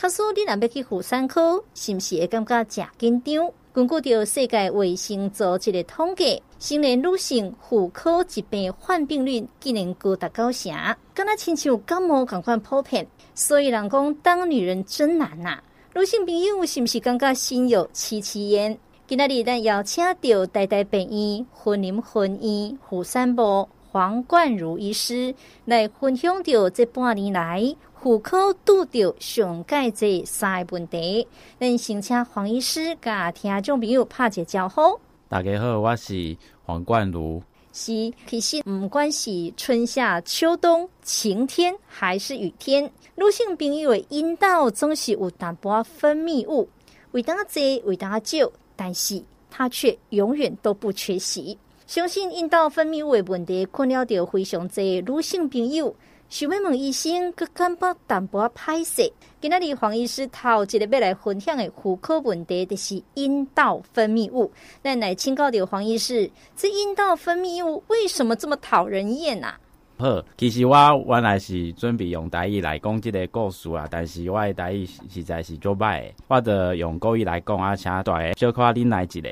卡說，你要去婦產科，是不是會感覺真緊張？根據着世界衛生組織的統計，成年女性婦科疾病患病率竟然高達九成，敢若親像感冒同款普遍。所以人講，當女人真難啊！女性朋友是不是感覺得心有戚戚焉？今天，咱邀請着台大醫院、雲林分院、婦產部黃冠儒醫師來分享着這半年來戶口拄著上濟這三個問題，咱先請黃醫師甲聽眾朋友拍一招呼。大家好，我是黃冠儒。是，其實不管是春夏秋冬晴天還是雨天，女性朋友的陰道總是有淡薄分泌物，為大儕為大就，但是它卻永遠都不缺席。相信陰道分泌物的問題困擾着非常儕女性朋友。小妹問，問醫生去干巴淡薄歹勢，今仔日黃醫師頭一個要來分享的婦科問題，就是陰道分泌物。那來請教的黃醫師，這陰道分泌物為什麼這麼討人厭啊？呵，其實我原來是準備用台語來講這個故事啊，但是我的台語實在是足歹，我就用國語來講啊，請大家小可忍耐一下。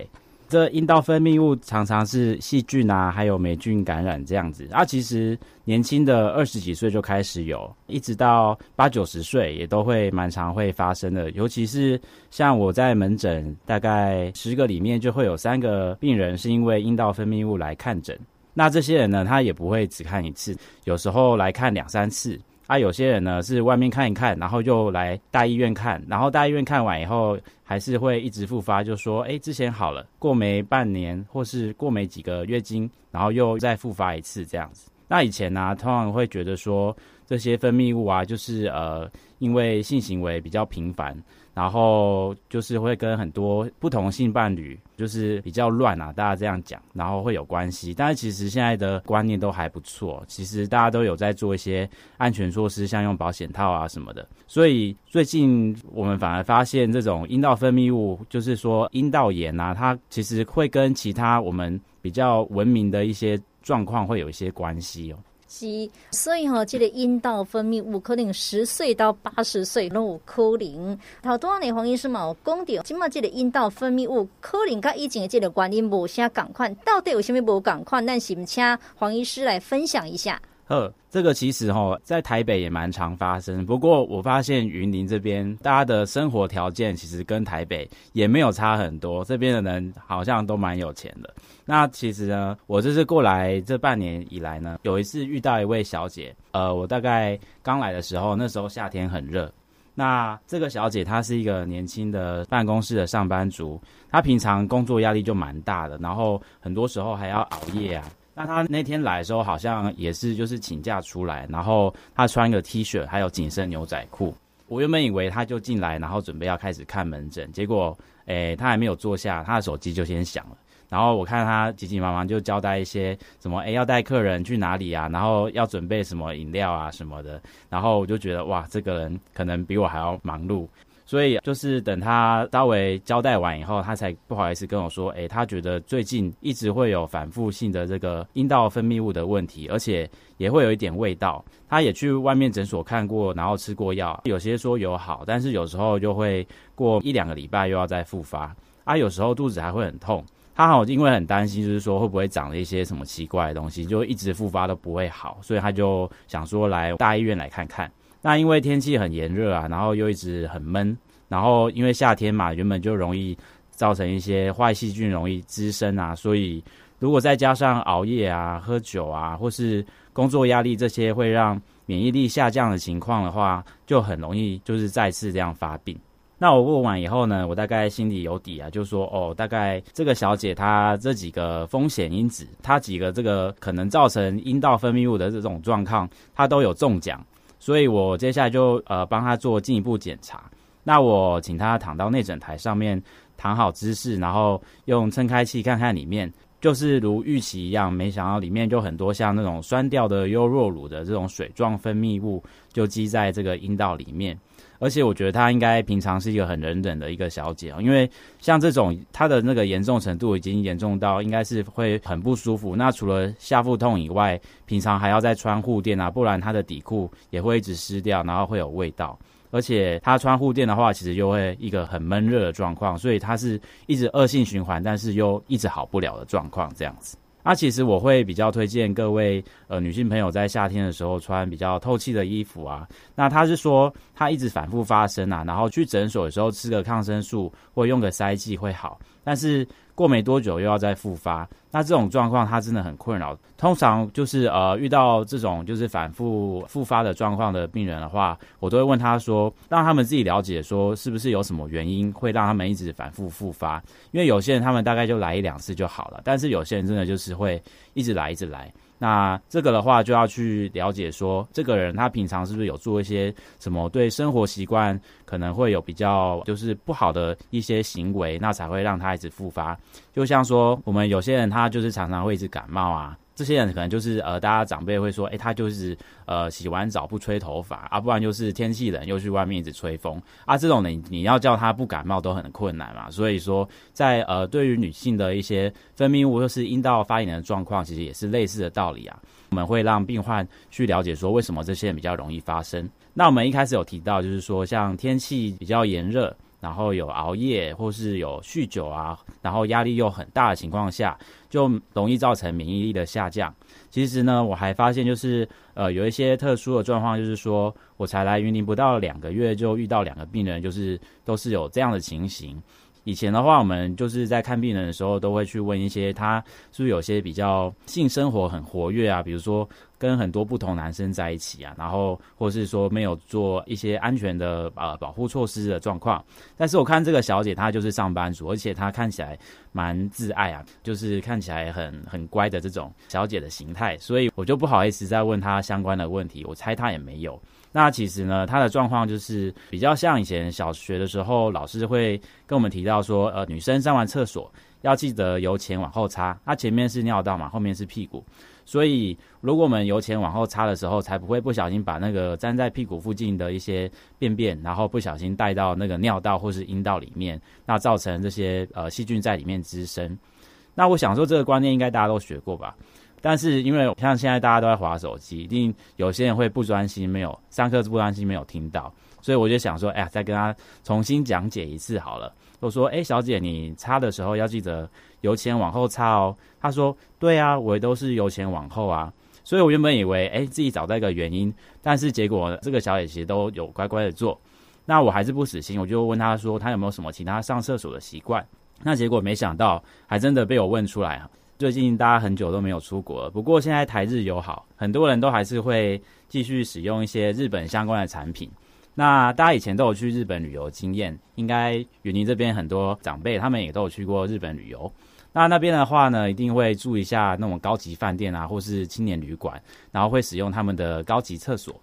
這陰道分泌物常常是細菌啊，還有黴菌感染這樣子。啊，其實年輕的二十幾歲就開始有，一直到八九十歲也都會蠻常會發生的。尤其是像我在門診，大概十個裡面就會有三個病人是因為陰道分泌物來看診。那這些人呢，他也不會只看一次，有時候來看兩三次。啊，有些人呢是外面看一看，然後又來大醫院看，然後大醫院看完以後，還是會一直復發，就說，哎，之前好了，過沒半年或是過沒幾個月經，然後又再復發一次這樣子。那以前呢，啊，通常會覺得說，這些分泌物啊，就是呃，因為性行為比較頻繁。然後就是會跟很多不同性伴侶，就是比較亂啊，大家這樣講，然後會有關係。但是其實現在的觀念都還不錯，其實大家都有在做一些安全措施，像用保險套啊什麼的。所以最近我們反而發現，這種陰道分泌物，就是說陰道炎啊，它其實會跟其他我們比較文明的一些狀況會有一些關係哦。是，所以哈、哦，這個陰道分泌物可能十歲到八十歲都有可能。好多阿，你黃醫師嘛，我講的，今嘛，這個陰道分泌物可能甲以前的這個原因無啥狀況，到底有什麼不狀款？那是唔請黃醫師來分享一下。呃，這個其實哈、哦，在台北也蠻常發生，不過我發現雲林這邊大家的生活條件其實跟台北也沒有差很多，這邊的人好像都蠻有錢的。那其實呢，我這次過來這半年以來呢，有一次遇到一位小姐，呃，我大概剛來的時候，那時候夏天很熱。那這個小姐她是一個年輕的辦公室的上班族，她平常工作壓力就蠻大的，然後很多時候還要熬夜啊。那她那天來的時候好像也是就是請假出來，然後她穿一個 T 恤還有緊身牛仔褲。我原本以為她就進來，然後準備要開始看門診，結果，誒，她還沒有坐下，她的手機就先響了。然後我看他急急忙忙就交代一些什麼，哎，要帶客人去哪裡啊，然後要準備什麼飲料啊什麼的。然後我就覺得哇，這個人可能比我還要忙碌。所以就是等他稍微交代完以後，他才不好意思跟我說，哎，他覺得最近一直會有反覆性的這個陰道分泌物的問題，而且也會有一點味道。他也去外面診所看過，然後吃過藥，有些說有好，但是有時候就會過一兩個禮拜又要再復發啊，有時候肚子還會很痛。他好像因為很擔心，就是說會不會長了一些什麼奇怪的東西，就一直復發都不會好，所以他就想說來大醫院來看看。那因為天氣很炎熱啊，然後又一直很悶，然後因為夏天嘛，原本就容易造成一些壞細菌容易滋生啊，所以如果再加上熬夜啊、喝酒啊，或是工作壓力這些會讓免疫力下降的情況的話，就很容易就是再次這樣發病。那我問完以後呢，我大概心裡有底啊，就說，哦，大概這個小姐她這幾個風險因子，她幾個這個可能造成陰道分泌物的這種狀況，她都有中獎，所以我接下來就呃幫她做進一步檢查。那我請她躺到內診臺上面，躺好姿勢，然後用撐開器看看裡面，就是如預期一樣，沒想到裡面就很多像那種酸掉的優酪乳的這種水狀分泌物，就積在這個陰道裡面。而且我覺得她應該平常是一個很忍忍的一個小姐哦，因為像這種她的那個嚴重程度已經嚴重到應該是會很不舒服。那除了下腹痛以外，平常還要再穿護墊啊，不然她的底褲也會一直濕掉，然後會有味道。而且她穿護墊的話，其實又會一個很悶熱的狀況，所以她是一直惡性循環，但是又一直好不了的狀況這樣子。那，啊，其實我會比較推薦各位呃女性朋友在夏天的時候穿比較透氣的衣服啊。那他是說他一直反覆發生啊，然後去診所的時候吃個抗生素或用個塞劑會好，但是。過沒多久又要再復發，那這種狀況他真的很困擾。通常就是呃遇到這種就是反覆復發的狀況的病人的話，我都會問他說，讓他們自己了解說是不是有什麼原因會讓他們一直反覆復發。因為有些人他們大概就來一兩次就好了，但是有些人真的就是會一直來一直來。那這個的話，就要去了解說，這個人他平常是不是有做一些什麼對生活習慣可能會有比較就是不好的一些行為，那才會讓他一直復發。就像說，我們有些人他就是常常會一直感冒啊。這些人可能就是呃，大家長輩會說，哎、欸，他就是呃，洗完澡不吹頭髮啊，不然就是天氣冷又去外面一直吹風啊，這種人你，你要叫他不感冒都很困難嘛。所以說在，在呃，對於女性的一些分泌物或、就是陰道發炎的狀況，其實也是類似的道理啊。我們會讓病患去了解說，為什麼這些人比較容易發生？那我們一開始有提到，就是說像天氣比較炎熱。然後有熬夜，或是有酗酒啊，然後壓力又很大的情況下，就容易造成免疫力的下降。其實呢，我還發現就是，呃，有一些特殊的狀況，就是說，我才來雲林不到兩個月，就遇到兩個病人，就是都是有這樣的情形。以前的話，我們就是在看病人的時候，都會去問一些她是不是有些比較性生活很活躍啊，比如說跟很多不同男生在一起啊，然後或是說沒有做一些安全的呃保，保護措施的狀況。但是我看這個小姐，她就是上班族，而且她看起來蠻自愛啊，就是看起來很很乖的這種小姐的形態，所以我就不好意思再問她相關的問題。我猜她也沒有。那其實呢，它的狀況就是比較像以前小學的時候，老師會跟我們提到說，呃，女生上完廁所要記得由前往後擦。它、啊、前面是尿道嘛，後面是屁股，所以如果我們由前往後擦的時候，才不會不小心把那個粘在屁股附近的一些便便，然後不小心帶到那個尿道或是陰道裡面，那造成這些呃細菌在裡面滋生。那我想說，這個觀念應該大家都學過吧？但是因為像現在大家都在滑手機，一定有些人會不專心，沒有上課不專心，沒有聽到，所以我就想說，哎呀，再跟他重新講解一次好了。我說，欸，小姐，你擦的時候要記得由前往後擦哦。她說，對啊，我也都是由前往後啊。所以我原本以為，欸，自己找到一個原因，但是結果這個小姐其實都有乖乖的做。那我還是不死心，我就問她說，她有沒有什麼其他上廁所的習慣？那結果沒想到，還真的被我問出來最近大家很久都沒有出國了，不過現在台日友好，很多人都還是會繼續使用一些日本相關的產品。那大家以前都有去日本旅遊經驗，應該雲林這邊很多長輩他們也都有去過日本旅遊。那那邊的話呢，一定會住一下那種高級飯店啊，或是青年旅館，然後會使用他們的高級廁所。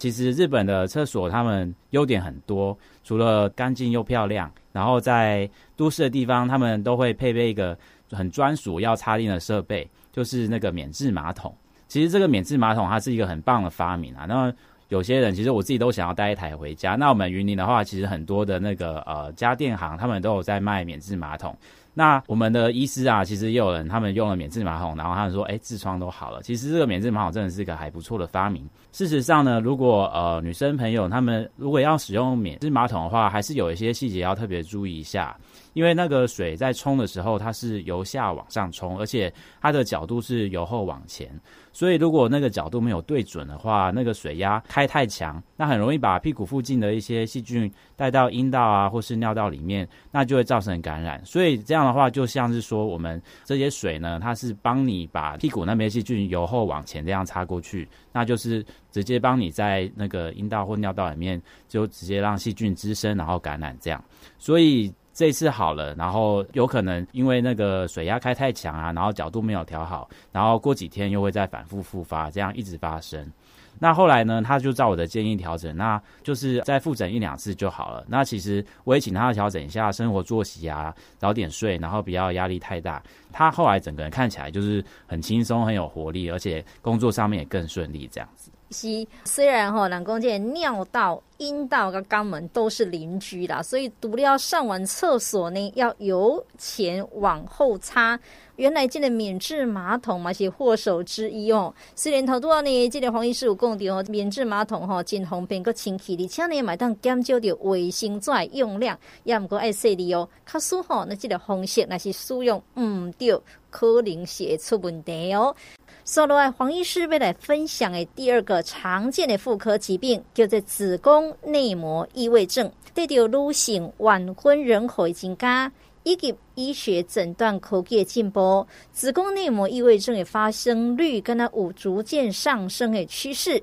其實日本的廁所他們優點很多，除了乾淨又漂亮，然後在都市的地方，他們都會配備一個很專屬要插電的設備，就是那個免治馬桶。其實這個免治馬桶它是一個很棒的發明啊。那有些人其實我自己都想要帶一台回家。那我們雲林的話，其實很多的那個呃家電行，他們都有在賣免治馬桶。那我們的醫師啊，其實也有人他們用了免治馬桶，然後他們說，哎、欸，痔瘡都好了。其實這個免治馬桶真的是個還不錯的發明。事實上呢，如果呃女生朋友他們如果要使用免治馬桶的話，還是有一些細節要特別注意一下。因為那個水在沖的時候，它是由下往上沖，而且它的角度是由後往前，所以如果那個角度沒有對準的話，那個水壓開太強，那很容易把屁股附近的一些細菌帶到陰道啊或是尿道裡面，那就會造成感染。所以這樣的話，就像是說我們這些水呢，它是幫你把屁股那邊細菌由後往前這樣插過去，那就是直接幫你在那個陰道或尿道裡面就直接讓細菌滋生，然後感染這樣。所以。這次好了，然後有可能因為那個水壓開太強啊，然後角度沒有調好，然後過幾天又會再反复復發，這樣一直發生。那後來呢，他就照我的建議調整，那就是再複診一兩次就好了。那其實我也請他調整一下生活作息啊，早點睡，然後不要壓力太大。他後來整個人看起來就是很輕鬆，很有活力，而且工作上面也更順利，這樣子。是，雖然吼、哦，人講這個尿道、陰道和肛門都是鄰居啦，所以毒要上完廁所呢，要由前往後擦。原來這個免治馬桶嘛，是禍首之一哦。雖然拄拄仔呢，這個黃醫師有講著哦，免治馬桶吼真方便，擱清氣哩。而且呢，嘛當減少着衛生紙用量，也唔過愛洗你哦。可是吼，那這個方式若是使用唔對，可能是會出問題哦。所以，黃醫師未來分享的第二個常見的婦科疾病，就是子宮內膜異位症。里有女性晚婚人口增加以及醫學診斷科技的進步，子宮內膜異位症的發生率，跟它有逐漸上升的趨勢。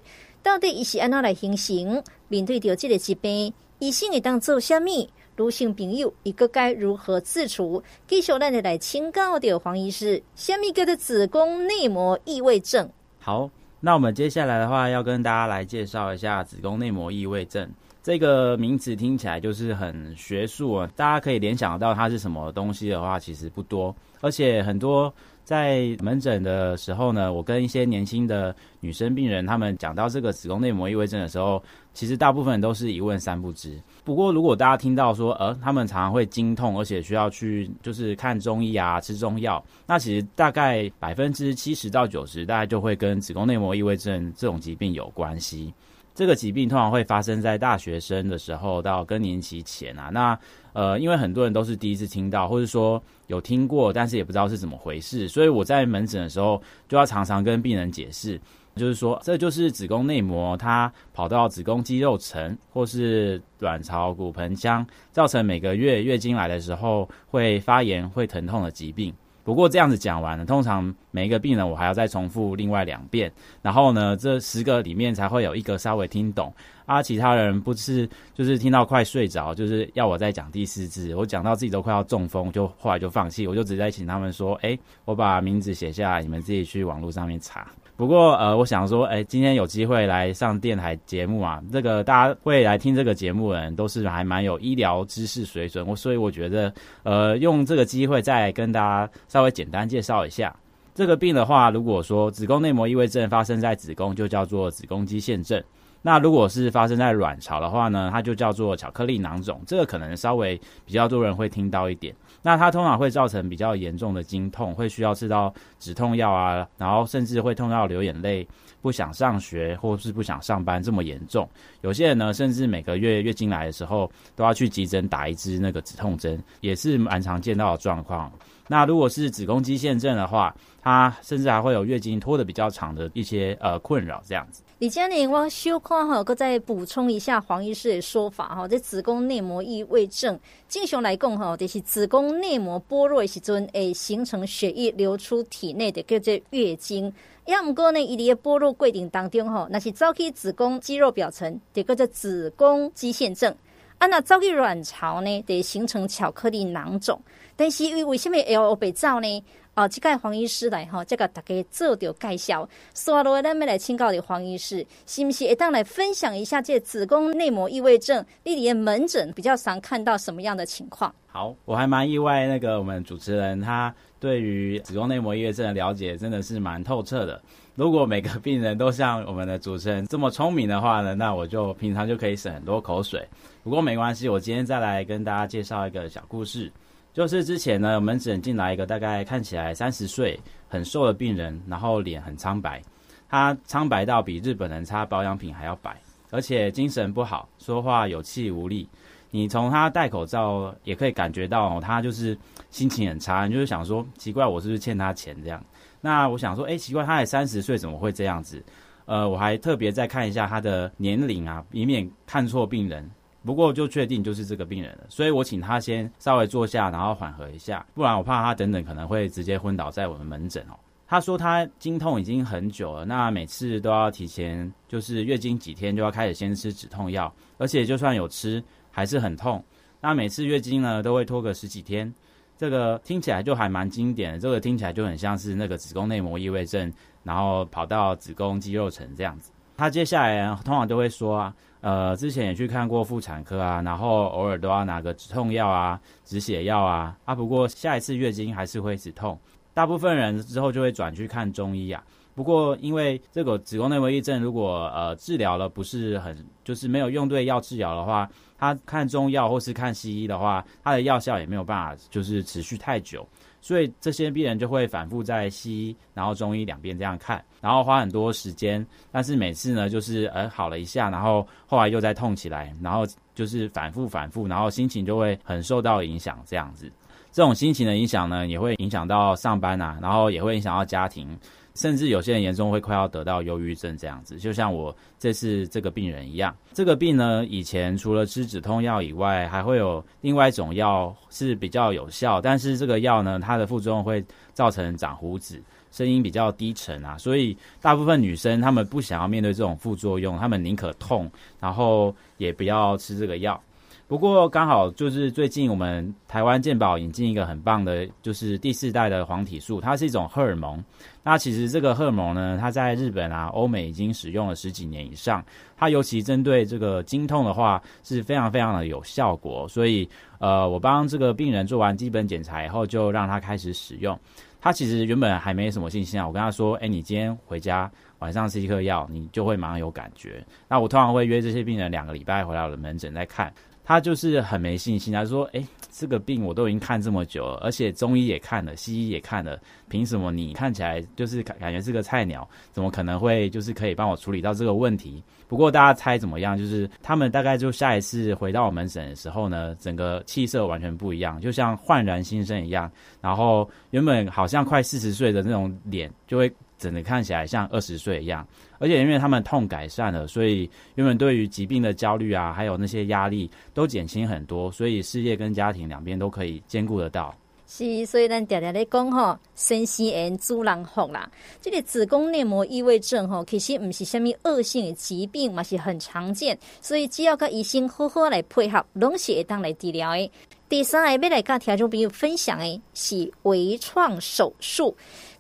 到底醫生按怎來行刑？面對着這個疾病，醫生會當做什麼？女性朋友又該如何自處？接下來來請教的黃醫師，什麼叫做子宮內膜異位症？好，那我們接下來的話，要跟大家來介紹一下子宮內膜異位症這個名詞，聽起來就是很學術啊。大家可以聯想到它是什麼東西的話，其實不多，而且很多。在門診的時候呢，我跟一些年輕的女生病人，他們講到這個子宮內膜異位症的時候，其實大部分都是一問三不知。不過，如果大家聽到說，呃，他們常常會經痛，而且需要去就是看中醫啊，吃中藥，那其實大概百分之七十到九十，大概就會跟子宮內膜異位症這種疾病有關係。這個疾病通常會發生在大學生的時候到更年期前啊，那呃，因為很多人都是第一次聽到，或是說有聽過，但是也不知道是怎麼回事，所以我在門診的時候就要常常跟病人解釋，就是說，這就是子宮內膜它跑到子宮肌肉層或是卵巢骨盆腔，造成每個月月經來的時候會發炎、會疼痛的疾病。不過這樣子講完了，通常每一個病人我還要再重複另外兩遍，然後呢，這十個裡面才會有一個稍微聽懂，啊，其他人不是就是聽到快睡着，就是要我再講第四次，我講到自己都快要中風，就後來就放棄，我就直接請他們說，哎，我把名字寫下來，你們自己去網絡上面查。不過呃，我想說，誒今天有機會來上電台節目啊，這個大家會來聽這個節目的人，都是還蠻有醫療知識水準，我所以我覺得，呃，用這個機會再跟大家稍微簡單介紹一下這個病的話，如果說子宮內膜異位症發生在子宮，就叫做子宮肌腺症。那如果是發生在卵巢的話呢，它就叫做巧克力囊腫，這個可能稍微比較多人會聽到一點。那它通常會造成比較嚴重的經痛，會需要吃到止痛藥啊，然後甚至會痛到流眼淚、不想上學或是不想上班這麼嚴重。有些人呢，甚至每個月月經來的時候都要去急診打一支那個止痛針，也是蠻常見到的狀況。那如果是子宮肌腺症的話，它甚至還會有月經拖得比較長的一些呃困擾這樣子。李佳玲，我小看哈，閣再補充一下黃醫師的說法哈。這子宮內膜異位症，正常來講吼，就是子宮內膜剝落的時陣會形成血液流出體內的，叫做月經。要唔過呢，伊的剝落過程當中吼，那是走去子宮肌肉表層，就叫做子宮肌腺症。啊，那走去卵巢呢，就形成巧克力囊腫。但是為為什麼要被造呢？哦，這次黃醫師來哈，哦，這給大家做個介紹，所以我們來請到的黃醫師，是不是可以來分享一下這子宮內膜異位症？你的門診比較常看到什麼樣的情況？好，我還蠻意外，那個我們主持人他對於子宮內膜異位症的了解真的是蠻透徹的。如果每個病人都像我們的主持人這麼聰明的話呢，那我就平常就可以省很多口水。不過沒關係，我今天再來跟大家介紹一個小故事。就是之前呢，門診進來一個大概看起來三十歲，很瘦的病人，然後臉很蒼白，他蒼白到比日本人擦保養品還要白，而且精神不好，說話有氣無力。你從他戴口罩也可以感覺到，他就是心情很差。你就是想說，奇怪，我是不是欠他錢這樣？那我想說，誒、欸，奇怪，他也三十歲，怎麼會這樣子？呃，我還特別再看一下他的年齡啊，以免看錯病人。不過就確定就是這個病人了，所以我請他先稍微坐下，然後緩和一下，不然我怕他等等可能會直接昏倒在我們門診哦。他說他經痛已經很久了，那每次都要提前，就是月經幾天就要開始先吃止痛藥，而且就算有吃還是很痛。那每次月經呢，都會拖個十幾天，這個聽起來就還蠻經典的，這個聽起來就很像是那個子宮內膜異位症，然後跑到子宮肌肉層這樣子。他接下來通常都會說啊，呃，之前也去看過婦產科啊，然後偶爾都要拿個止痛藥啊、止血藥啊啊。不過下一次月經還是會止痛。大部分人之後就會轉去看中醫啊。不過因為這個子宮內膜異症，如果呃治療了不是很，就是沒有用對藥治療的話，他看中藥或是看西醫的話，它的藥效也沒有辦法就是持續太久。所以這些病人就會反覆在西醫，然後中醫兩邊這樣看，然後花很多時間，但是每次呢，就是呃好了一下，然後後來又再痛起來，然後就是反覆反覆，然後心情就會很受到影響，這樣子。這種心情的影響呢，也會影響到上班吶、啊，然後也會影響到家庭。甚至有些人嚴重會快要得到憂鬱症這樣子，就像我這次這個病人一樣。這個病呢，以前除了吃止痛藥以外，還會有另外一種藥是比較有效，但是這個藥呢，它的副作用會造成長鬍子、聲音比較低沉啊。所以大部分女生她們不想要面對這種副作用，她們寧可痛，然後也不要吃這個藥。不過剛好就是最近我們台灣健保引進一個很棒的，就是第四代的黃體素，它是一種荷爾蒙。那其實這個荷爾蒙呢，它在日本啊、歐美已經使用了十幾年以上。它尤其針對這個經痛的話，是非常非常的有效果。所以，呃，我幫這個病人做完基本檢查以後，就讓他開始使用。他其實原本還沒什麼信心啊，我跟他說，哎，你今天回家晚上吃一顆藥，你就會蠻有感覺。那我通常會約這些病人兩個禮拜回來我的門診再看。他就是很沒信心，他說：“誒，這個病我都已經看這麼久了，而且中醫也看了，西醫也看了，憑什麼你看起來就是感覺是個菜鳥，怎麼可能會就是可以幫我處理到這個問題？”不過大家猜怎麼樣？就是他們大概就下一次回到我們門診的時候呢，整個氣色完全不一樣，就像煥然新生一樣。然後原本好像快四十歲的那種臉，就會整個看起來像二十歲一樣。而且因為他們痛改善了，所以原本對於疾病的焦慮啊，還有那些壓力都減輕很多，所以事業跟家庭兩邊都可以兼顧得到。是，所以咱常常咧講吼，身心安，諸人福啦。這個子宮內膜異位症吼、哦，其實不是什麼惡性的疾病，嘛，是很常見。所以只要甲醫生好好來配合，都是會當來治療誒。第三個要來甲聽眾朋友分享誒，是微創手術。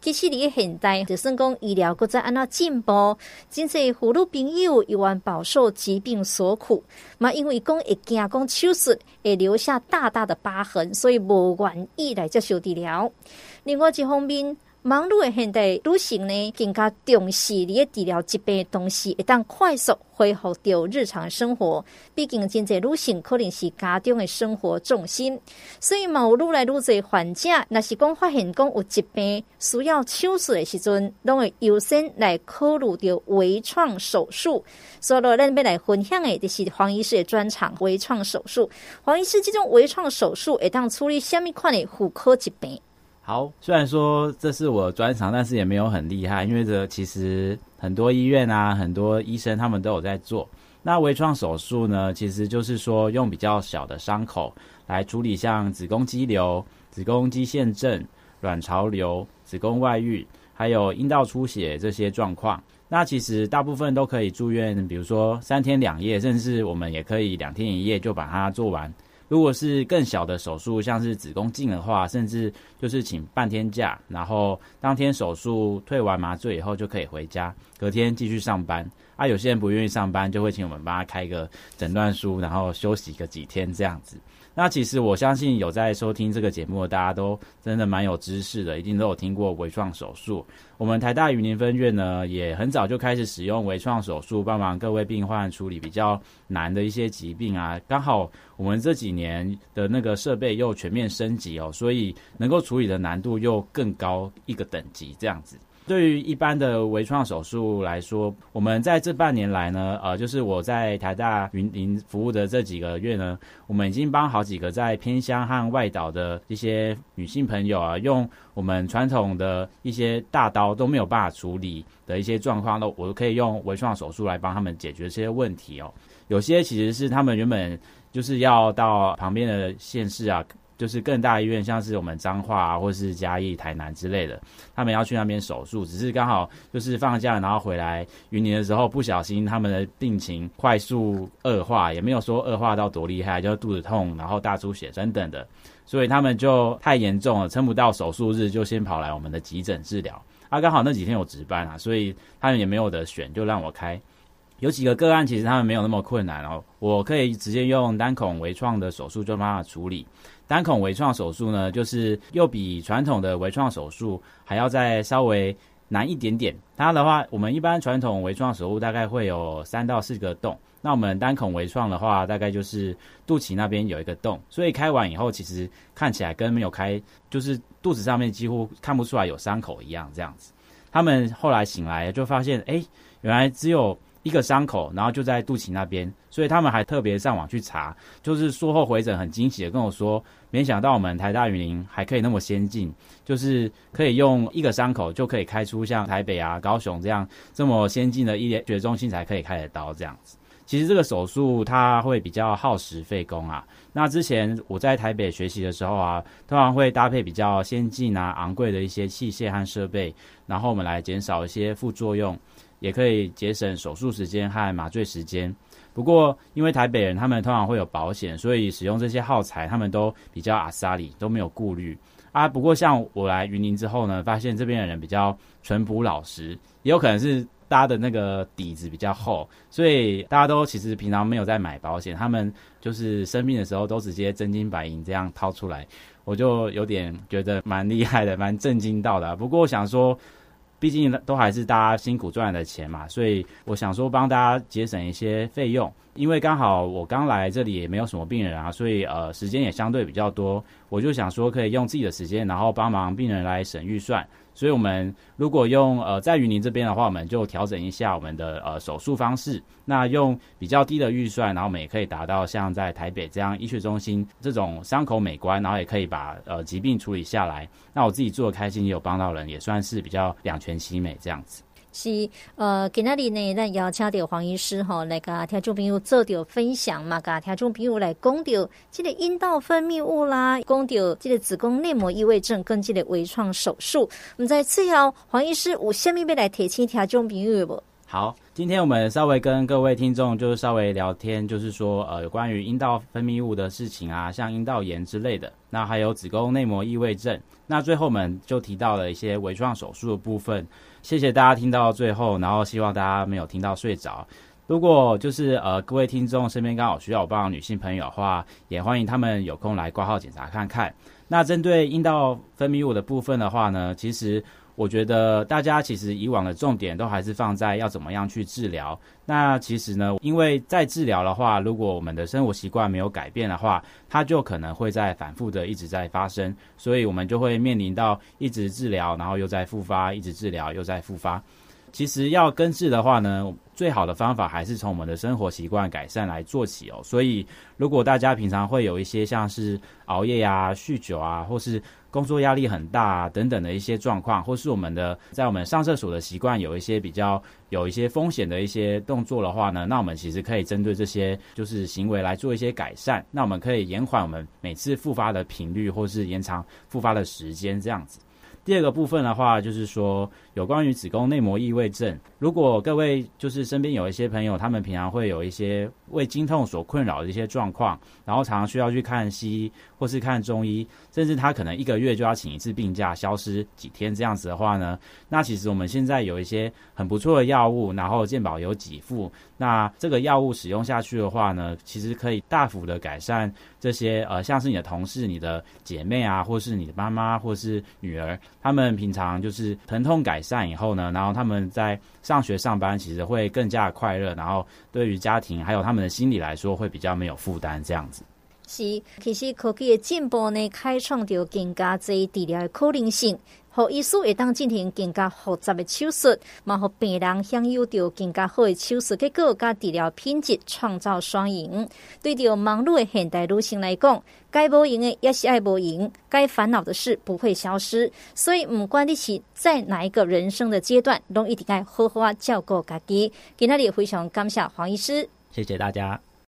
其實，佇現代就算講醫療擱再安怎進步，真儕婦女朋友依然飽受疾病所苦。嘛，因為講會驚，講手術會留下大大的疤痕，所以無願意來接受治療。另外一方面，忙碌的現代女性呢，更加重視你的治療疾病的同時，會當快速恢復到日常生活。畢竟真濟女性可能是家中的生活重心，所以嘛有愈來愈濟患者，若是講發現講有疾病，需要手術的時陣，攏會優先來考慮到微創手術。所以，我們要來分享的，就是黃醫師的專長——微創手術。黃醫師這種微創手術，會當處理什麼款的婦科疾病？好，雖然說這是我專長，但是也沒有很厲害，因為這其實很多醫院啊，很多醫生他們都有在做。那微創手術呢，其實就是說用比較小的傷口來處理，像子宮肌瘤、子宮肌腺症、卵巢瘤、子宮外孕，還有陰道出血這些狀況。那其實大部分都可以住院，比如說三天兩夜，甚至我們也可以兩天一夜就把它做完。如果是更小的手術，像是子宮鏡的話，甚至就是請半天假，然後當天手術退完麻醉以後就可以回家，隔天繼續上班。啊，有些人不願意上班，就會請我們幫他開個診斷書，然後休息個幾天這樣子。那其實我相信有在收聽這個節目的大家都真的蠻有知識的，一定都有聽過微創手術。我們台大雲林分院呢也很早就開始使用微創手術，幫忙各位病患處理比較難的一些疾病啊。剛好我們這幾年的那個設備又全面升級哦，所以能夠處理的難度又更高一個等級這樣子。對於一般的微創手術來說，我們在這半年來呢，呃，就是我在台大雲林服務的這幾個月呢，我們已經幫好幾個在偏鄉和外島的一些女性朋友啊，用我們傳統的一些大刀都沒有辦法處理的一些狀況呢，我都可以用微創手術來幫他們解決這些問題哦。有些其實是他們原本就是要到旁邊的縣市啊。就是更大醫院，像是我們彰化啊，或是嘉義、台南之類的，他們要去那邊手術，只是剛好就是放假，然後回來雲林的時候，不小心他們的病情快速惡化，也沒有說惡化到多厲害，就是肚子痛，然後大出血等等的，所以他們就太嚴重了，撐不到手術日，就先跑來我們的急診治療。啊，剛好那幾天有值班啊，所以他們也沒有得選，就讓我開。有幾個個案，其實他們沒有那麼困難哦。我可以直接用單孔微創的手術就幫他處理。單孔微創手術呢，就是又比傳統的微創手術還要再稍微難一點點。它的話，我們一般傳統微創手術大概會有三到四個洞，那我們單孔微創的話，大概就是肚臍那邊有一個洞，所以開完以後，其實看起來跟沒有開，就是肚子上面幾乎看不出來有傷口一樣這樣子。他們後來醒來就發現，哎、欸，原來只有，一個傷口，然後就在肚臍那邊，所以他們還特別上網去查。就是術後回診，很驚喜的跟我說，沒想到我們台大雲林還可以那麼先進，就是可以用一個傷口就可以開出像台北啊、高雄這樣這麼先進的醫學中心才可以開的刀這樣子。其實這個手術它會比較耗時費工啊。那之前我在台北學習的時候啊，通常會搭配比較先進啊、昂貴的一些器械和設備，然後我們來減少一些副作用，也可以節省手術時間和麻醉時間。不過，因為台北人他們通常會有保險，所以使用這些耗材他們都比較阿莎力，都沒有顧慮啊。不過，像我來雲林之後呢，發現這邊的人比較淳樸老實，也有可能是搭的那個底子比較厚，所以大家都其實平常沒有在買保險，他們就是生病的時候都直接真金白銀這樣掏出來，我就有點覺得蠻厲害的，蠻震驚到的，啊。不過我想說。畢竟都還是大家辛苦賺來的錢嘛，所以我想說，幫大家節省一些費用。因為剛好我剛來這裡也沒有什麼病人啊，所以呃時間也相對比較多，我就想說可以用自己的時間，然後幫忙病人來省預算。所以我們如果用呃在雲林這邊的話，我們就調整一下我們的呃手術方式，那用比較低的預算，然後我們也可以達到像在台北這樣醫學中心這種傷口美觀，然後也可以把呃疾病處理下來。那我自己做得開心，也有幫到人，也算是比較兩全其美這樣子。是呃，今仔日呢，咱要請到黃醫師吼、哦、來甲聽眾朋友做著分享嘛，甲聽眾朋友來講到，即個陰道分泌物啦，講到即個子宮內膜異位症跟即個微創手術，毋知次要，黃醫師有啥物要來提醒聽眾朋友無？好。今天我們稍微跟各位聽眾就是稍微聊天，就是說呃關於陰道分泌物的事情啊，像陰道炎之類的，那還有子宮內膜異位症，那最後我們就提到了一些微創手術的部分。謝謝大家聽到最後，然後希望大家沒有聽到睡着。如果就是呃各位聽眾身邊剛好需要我幫女性朋友的話，也歡迎他們有空來掛號檢查看看。那針對陰道分泌物的部分的話呢，其實。我覺得大家其實以往的重點都還是放在要怎麼樣去治療。那其實呢，因為在治療的話，如果我們的生活習慣沒有改變的話，它就可能會再反覆的一直在發生，所以我們就會面臨到一直治療，然後又再復發，一直治療又再復發。其實要根治的話呢，最好的方法還是從我們的生活習慣改善來做起哦。所以，如果大家平常會有一些像是熬夜啊、酗酒啊，或是工作壓力很大啊等等的一些狀況，或是我們的在我們上廁所的習慣有一些比較有一些風險的一些動作的話呢，那我們其實可以針對這些就是行為來做一些改善。那我們可以延緩我們每次復發的頻率，或是延長復發的時間，這樣子。第二個部分的話，就是說有關於子宮內膜異位症。如果各位就是身邊有一些朋友，他們平常會有一些為經痛所困擾的一些狀況，然後常常需要去看西醫或是看中醫，甚至他可能一個月就要請一次病假，消失幾天這樣子的話呢，那其實我們現在有一些很不錯的藥物，然後健保有給付。那這個藥物使用下去的話呢，其實可以大幅的改善這些呃，像是你的同事、你的姐妹啊，或是你的媽媽，或是女兒。他們平常就是疼痛改善以後呢，然後他們在上學上班，其實會更加快樂，然後對於家庭還有他們的心理來說，會比較沒有負擔這樣子。是，其實科技的進步呢，開創着更加多治療的可能性，和醫師也當進行更加複雜的手術，然後病人享有着更加好的手術結果和治療品質，創造雙贏。對着忙碌的現代女性來講，該無贏的也是愛無贏，該煩惱的事不會消失。所以，不管你是在哪一個人生的階段，攏一定要好好照顧家己。今天也非常感謝黃醫師，謝謝大家。